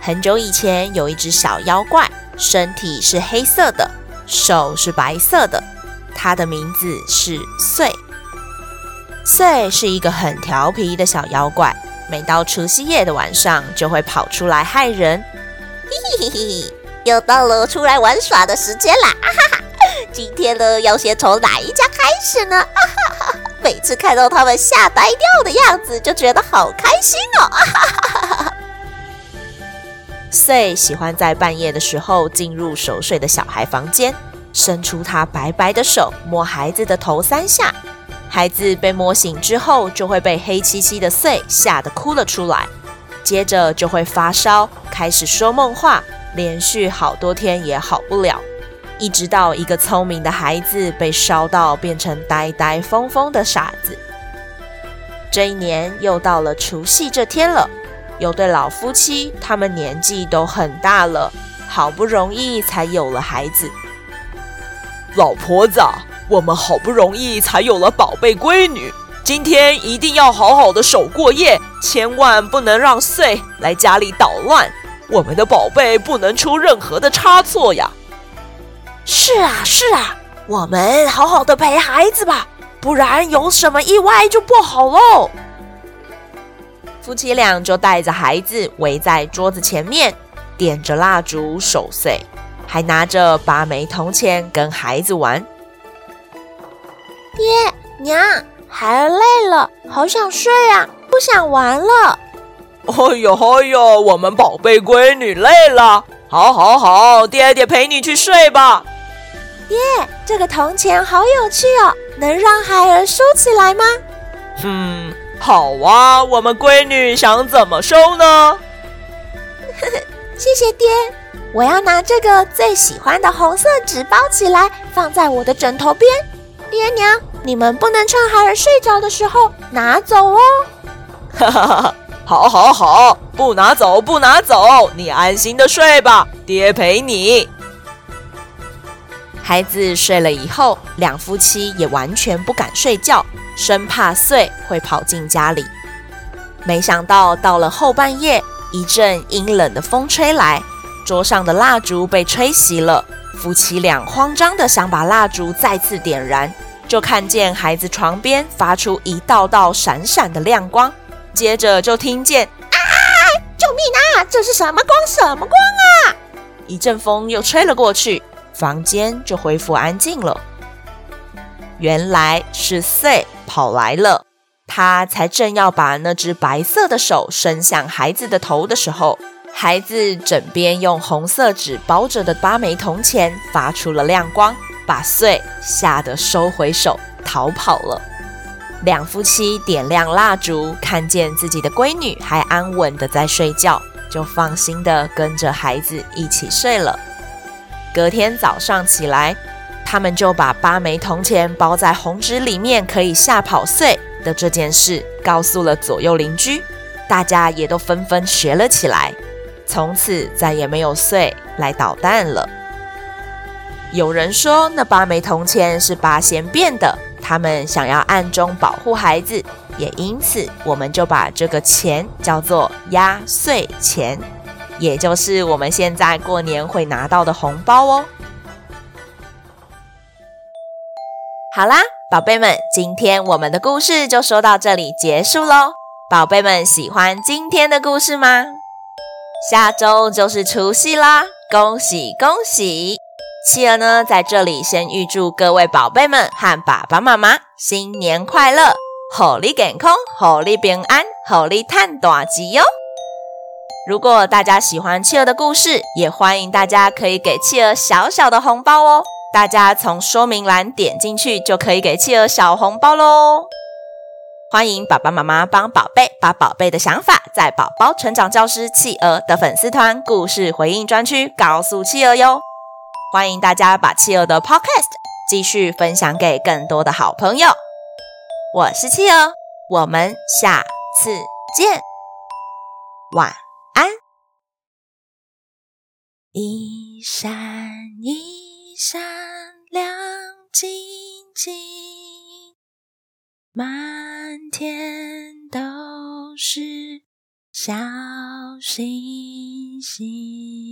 很久以前，有一隻小妖怪，身體是黑色的，手是白色的。它的名字是祟，祟，是一個很調皮的小妖怪。每到除夕夜的晚上，就會跑出來害人。嘿嘿嘿，又到了出來玩耍的時間啦！啊、哈哈，今天呢，要先從哪一家開始呢？啊、哈哈，每次看到他們嚇呆掉的樣子，就覺得好開心哦！哈、啊、哈哈哈哈。祟喜歡在半夜的時候進入熟睡的小孩房間，伸出他白白的手摸孩子的頭三下。孩子被摸醒之後，就會被黑漆漆的祟嚇得哭了出來，接着就會發燒，開始說夢話，連續好多天也好不了，一直到一個聰明的孩子被燒到變成呆呆瘋瘋的傻子。這一年又到了除夕這天了。有對老夫妻，他們年紀都很大了，好不容易才有了孩子。老婆子，我們好不容易才有了寶貝閨女，今天一定要好好的守過夜，千萬不能讓祟來家裡搗亂。我們的寶貝不能出任何的差錯呀。是啊，是啊，我們好好的陪孩子吧，不然有什麼意外就不好嘍。夫妻倆就帶着孩子圍在桌子前面，點着蠟燭守歲，還拿着八枚銅錢跟孩子玩。爹娘，孩兒累了，好想睡啊，不想玩了。哎呦哎呦，我們寶貝閨女累了，好，好，好，爹爹陪你去睡吧。爹，這個銅錢好有趣哦，能讓孩兒收起來嗎？嗯。好啊，我們閨女想怎麼收呢？謝謝爹，我要拿這個最喜歡的紅色紙包起來，放在我的枕頭邊。爹娘，你們不能趁孩兒睡着的時候拿走哦。哈哈哈，好好好，不拿走，不拿走，你安心的睡吧，爹陪你。孩子睡了以後，兩夫妻也完全不敢睡覺。生怕祟會跑進家裡，沒想到到了後半夜，一陣陰冷的風吹來，桌上的蠟燭被吹熄了。夫妻倆慌張的想把蠟燭再次點燃，就看見孩子床邊發出一道道閃閃的亮光，接着就聽見“啊，救命啊！這是什麼光？什麼光啊？”一陣風又吹了過去，房間就恢復安靜了。原來是歲跑來了，他才正要把那隻白色的手伸向孩子的頭的時候，孩子枕邊用紅色紙包着的八枚銅錢發出了亮光，把歲嚇得收回手，逃跑了。兩夫妻點亮蠟燭，看見自己的閨女還安穩的在睡覺，就放心的跟着孩子一起睡了。隔天早上起來，他們就把八枚銅錢包在紅紙裡面，可以嚇跑祟的這件事告訴了左右鄰居，大家也都紛紛學了起來。從此再也沒有祟來搗蛋了。有人說那八枚銅錢是八仙變的，他們想要暗中保護孩子，也因此我們就把這個錢叫做壓歲錢，也就是我們現在過年會拿到的紅包哦。好啦，寶貝們，今天我們的故事就說到這裡結束嘍。寶貝們，喜歡今天的故事嗎？下周就是除夕啦，恭喜恭喜！企鵝呢，在這裡先預祝各位寶貝們和爸爸媽媽新年快樂，予你健康，予你平安，予你趁大錢喲、哦。如果大家喜歡企鵝的故事，也歡迎大家可以給企鵝小小的紅包哦。大家從說明欄點進去就可以給企鵝小紅包嘍！歡迎爸爸媽媽幫寶貝把寶貝的想法在寶寶成長教師企鵝的粉絲團故事回應專區告訴企鵝喲！歡迎大家把企鵝的 Podcast 繼續分享給更多的好朋友。我是企鵝，我們下次見，晚安。一閃一閃亮晶晶，滿天都是小星星。